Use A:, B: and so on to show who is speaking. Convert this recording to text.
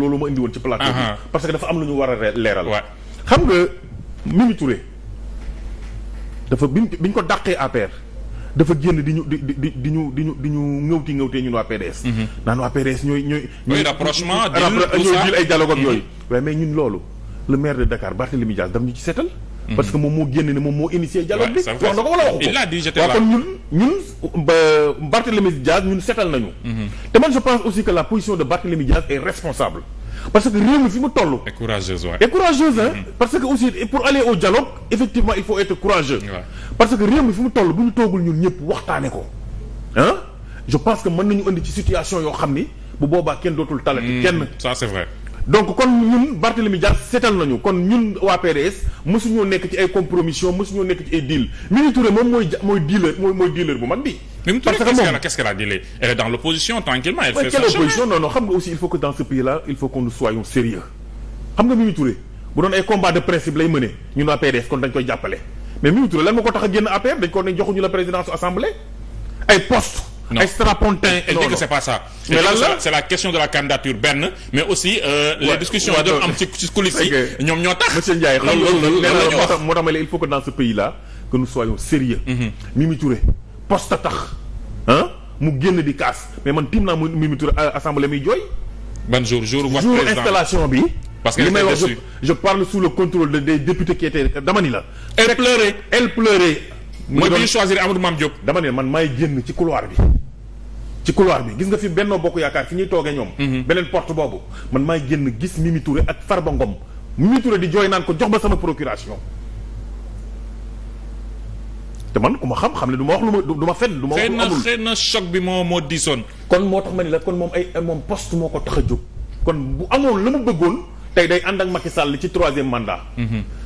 A: loolu ma indi woon ci plateau bi parce que dafa am lu ñu war a leeral xam nga Mimi Touré dafa bi ñu ko dàqee APR dafa génn di ñu di di di ñu di ñu di ñu ŋëwti ŋëwtee ñun waa PDS mhm. naan waa ñooy ñooy ñooy rapprochement ñooy dil ay dialogue ak mhm. yooyu waaye mais ñun loolu le maire de Dakar Barthélémy Dias daf ñu ci seetal parce que moom moo génn ne moom moo initié dialogue bi wax na ko wala waxu ko waaw kon ñun ñun Barthélémy Diaz ñun seetal nañu mm-hmm. te man je pense aussi que la position de Barthélémy Diaz est responsable parce que réew mi fi mu toll et courageuse ouais. et mm-hmm. parce que aussi pour au dialogue effectivement il faut être courageux ouais. parce que réew mi fi mu toll bu ñu toogul ñun ñëpp waxtaane ko ah je pense que mën nañu indi ci situation yoo xam ni bu boobaa kenn dootul talati mm, kenn ça c'est vrai donc kon ñun Barthélemy Dias seetal nañu kon ñun waa PDS mësuñoo nekk ci ay compromission mësuñoo nekk ci ay deal Mimi Touré moom mooy mooy dealer mooy mooy dealer bu mag bi. parce que moom a dealé elle est dans l'opposition tranquillement elle fait son chemin xam nga aussi il faut que dans ce il faut qu'on nous soyons sérieux xam nga Mimi bu doon ay combat de principe lay mëne ñun waa PDS kon dañ koy jàppale mais Mimi Touré lan ko tax a génn APR dañ ko ne joxuñu la présidence assemblée ay poste ay strapontin elle dit que c'est pas ça mais lan la c'est la question de la candidature benn mais aussi euh, les discussions yi doon am ci ci coulisses yi ñoom ñoo tax monsieur Ndiaye xam loolu la moo tax ma il faut que dans ce pays là que nous soyons sérieux mm-hmm. Mimi Touré poste tax ah mu génn di kaas mais man tiim naa mu Mimi Touré euh, assemblée muy jooy ban jour jour vote jour installation bi parce que li may wax je parle sous le contrôle des députés qui étaient dama ni la elle pleurait elle pleurait mooy bi ñu choisir Amadou Mame Diop dama ni la man maay génn ci couloir bi ci couloir bi gis nga fi Benno Bokk Yaakaar fi ñuy toogee ñoom. Mhm. beneen porte boobu man maay génn gis Mimi Touré ak Farba Ngom Mimi di jooy naan ko jox ba sama procuration. te man ku ma xam xam ne du ma wax lu ma du ma fen du ma wax lu amul xëy na choc bi moo moo diisoon. kon moo tax ma ni la kon moom ay moom poste moo ko tax a jóg kon bu amoon la mu bëggoon tey day ànd ak Macky Sall ci troisième mandat. Mhm.